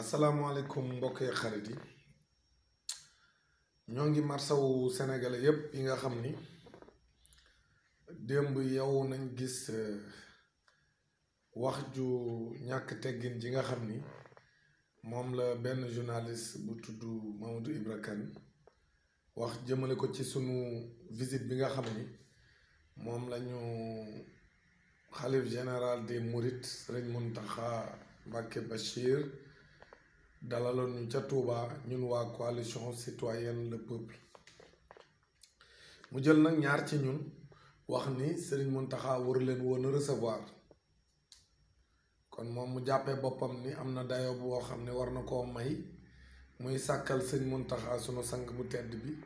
asalaamaaleykum mbokk yi xarit yi ñoo ngi marsawu sénégalais yépp yi nga xam ni démb yow nañ gis wax ju ñàkk teggin ji nga xam ni moom la benn journaliste bu tudd Mamadou Ibra wax jëmale ko ci sunu visite bi nga xam ni moom lañu xalif général des Mourides Serigne Mountakha Mbacké Bachir dalaloon ñu ca Touba ñun waa coalition citoyenne le peuple mu jël nag ñaar ci ñun wax ni Serigne Mountakha waru leen woon resevoir kon moom mu jàppee boppam ni am na dayo boo xam ne war na koo may muy sàkkal Serigne Mountakha sunu sang bu tedd bi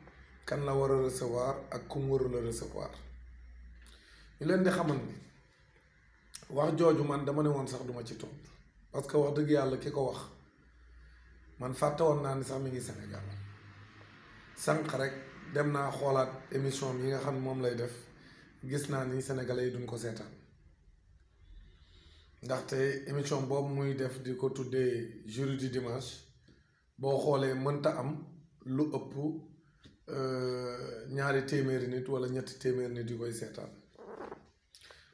kan la war a ak kum warul a recevoir ñu leen di xamal ni wax jooju man dama ne woon sax duma ci topp parce wax dëgg yàlla ki ko wax. man fàtte woon naa ni sax mi ngi Sénégal sànq rek dem naa xoolaat émission yi nga xam moom lay def gis naa ni sénégalais yi duñ ko seetaan ndaxte émission boobu muy def di ko tuddee jury du dimanche boo xoolee mënta am lu ëpp euh, ñaari téeméeri nit wala ñetti téeméeri nit yu koy seetaan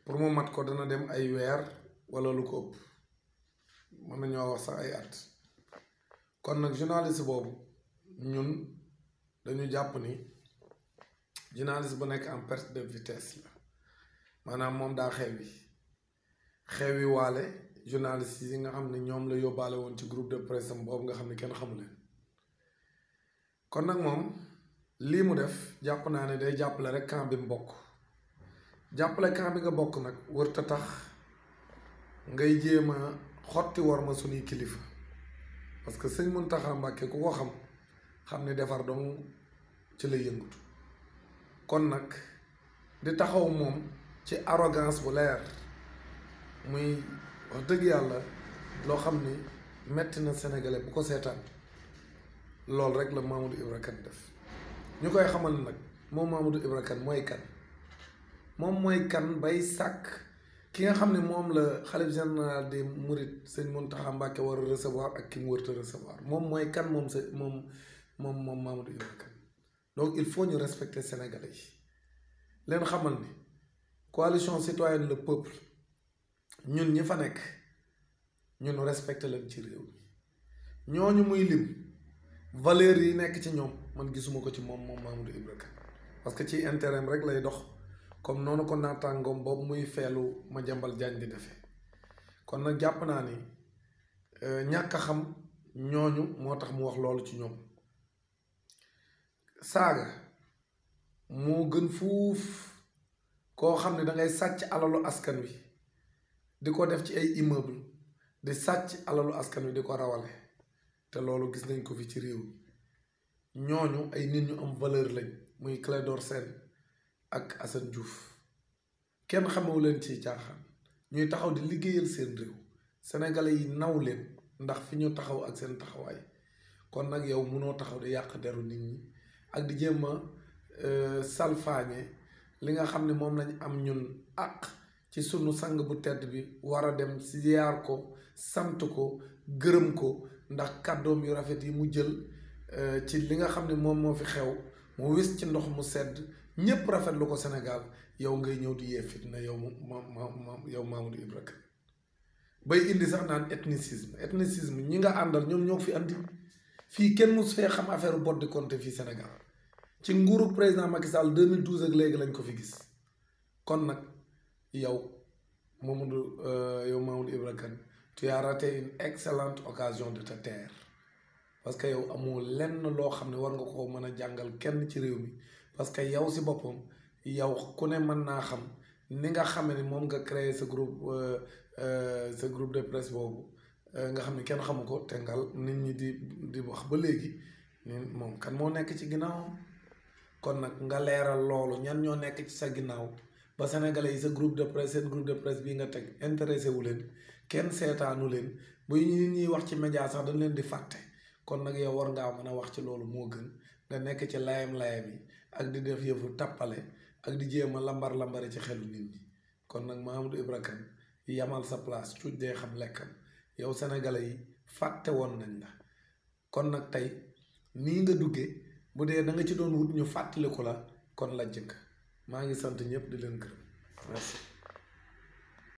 pour mu mat ko dana dem ay weer wala lu ko ëpp mën nañoo wax sax ay at. kon nag journaliste boobu ñun dañu jàpp ni journaliste bu nekk en perte de maanaam moom daa xewi xewi waale yi nga xam ne ñoom la yóbbaale woon ci groupe de presse am boobu nga xam ne kenn xamu leen kon nag moom lii mu def jàpp naa ne day jàppale rek camp bi mu bokk jàppale camp bi nga bokk nag wërta tax ngay jéem a xotti war ma suñuy kilifa parce que sëñ Mountakha Mbacké ku ko xam xam ne defar dong ci la yëngutu kon nag di taxaw moom ci arrogance bu leer muy wax dëgg yàlla loo xam ni metti na sénégalais bu ko seetaan loolu rek la Mamadou Ibra Kane def ñu koy xamal nag moom Mamadou Ibra Kane mooy kan moom mooy kan bay sàkk ki nga xam ne moom la xalif général des Mourides sëñ Mountakha Mbacké war a recevoir ak ki mu wërta recevoir moom mooy kan moom se moom moom moom Mamadou Ibra donc il faut ñu respecter sénégalais yi leen xamal ni coalition citoyenne le peuple ñun ñi fa nekk ñun respecter leen ci réew mi ñooñu muy lim valeurs yi nekk ci ñoom man gisuma ko ci moom moom Mamadou Ibra Kane parce que ci intérêt rek lay dox comme noonu ko naataangoom boobu muy feelu ma jàmbal jaañ di defee kon nag jàpp naa ni euh, ñàkk xam ñooñu moo tax mu wax loolu ci ñoom saaga moo gën fuuf koo xam ne da sàcc alalu askan wi di ko def ci ay immeuble di sàcc alalu askan wi di ko rawale te loolu gis nañ ko fi ci réew ñooñu ay nit ñu am valeur lañ muy Clédor Sène ak Assane Diouf kenn xamewu leen ci caaxaan ñuy taxaw di liggéeyal seen réew sénégalais yi naw leen ndax fi ñu taxaw ak seen taxawaay kon nag yow munoo taxaw di yàq deru nit ñi ak di jéem a euh, salfaañe li nga xam ne moom lañ am ñun àq ci sunu sang bu tedd bi war a dem ziyaar ko sant ko gërëm ko ndax kàddoom yu rafet yi mu jël euh, ci li nga xam ne moom moo fi xew mu wis ci ndox mu sedd ñëpp rafetlu ko Sénégal yow ngay ñëw di yee fitna yow ma ma ma yow Mamadou Ibra Kane bay indi sax naan ethnicisme ethnicisme ñi nga àndal ñoom ñoo fi andi fii kenn mus fee xam affaire bot di compter fii Sénégal ci nguuru président Macky Sall 2012 ak léegi lañ ko fi gis kon nag yow Mamadou euh, yow Mamadou Ibra Kane tu as raté une excellente occasion de te taire parce que yow amoo lenn loo xam ne war nga ko mën a jàngal kenn ci réew mi parce que yow si boppam yow ku ne mën naa xam ni nga xam ne moom nga créer sa groupe euh, euh, sa groupe de presse boobu euh, nga xam ne kenn xamu ko te ngal nit ñi di di wax ba léegi ni moom kan moo nekk ci ginnaawam kon nag nga leeral loolu ñan ñoo nekk ci sa ginnaaw ba sénégalais yi sa groupe de presse seen groupe de presse bii nga teg intéressé wu leen kenn seetaanu leen bu ñu ñuy wax ci média sax dañ leen di fàtte kon nag yow war ngaa mën a wax ci loolu moo gën nga nekk ci layam-layam yi ak di def yëfu tappale ak di jéem a lambar lambari ci xelu nit ñi kon nag Mahamadou du Kane yamal sa place cuuj dee xam lekkam yow sénégalais yi fàtte woon nañ la kon nag tey nii nga dugge bu dee da nga ci doon wut ñu fàttaliku la kon la jëkk maa ngi sant ñëpp di leen gërëm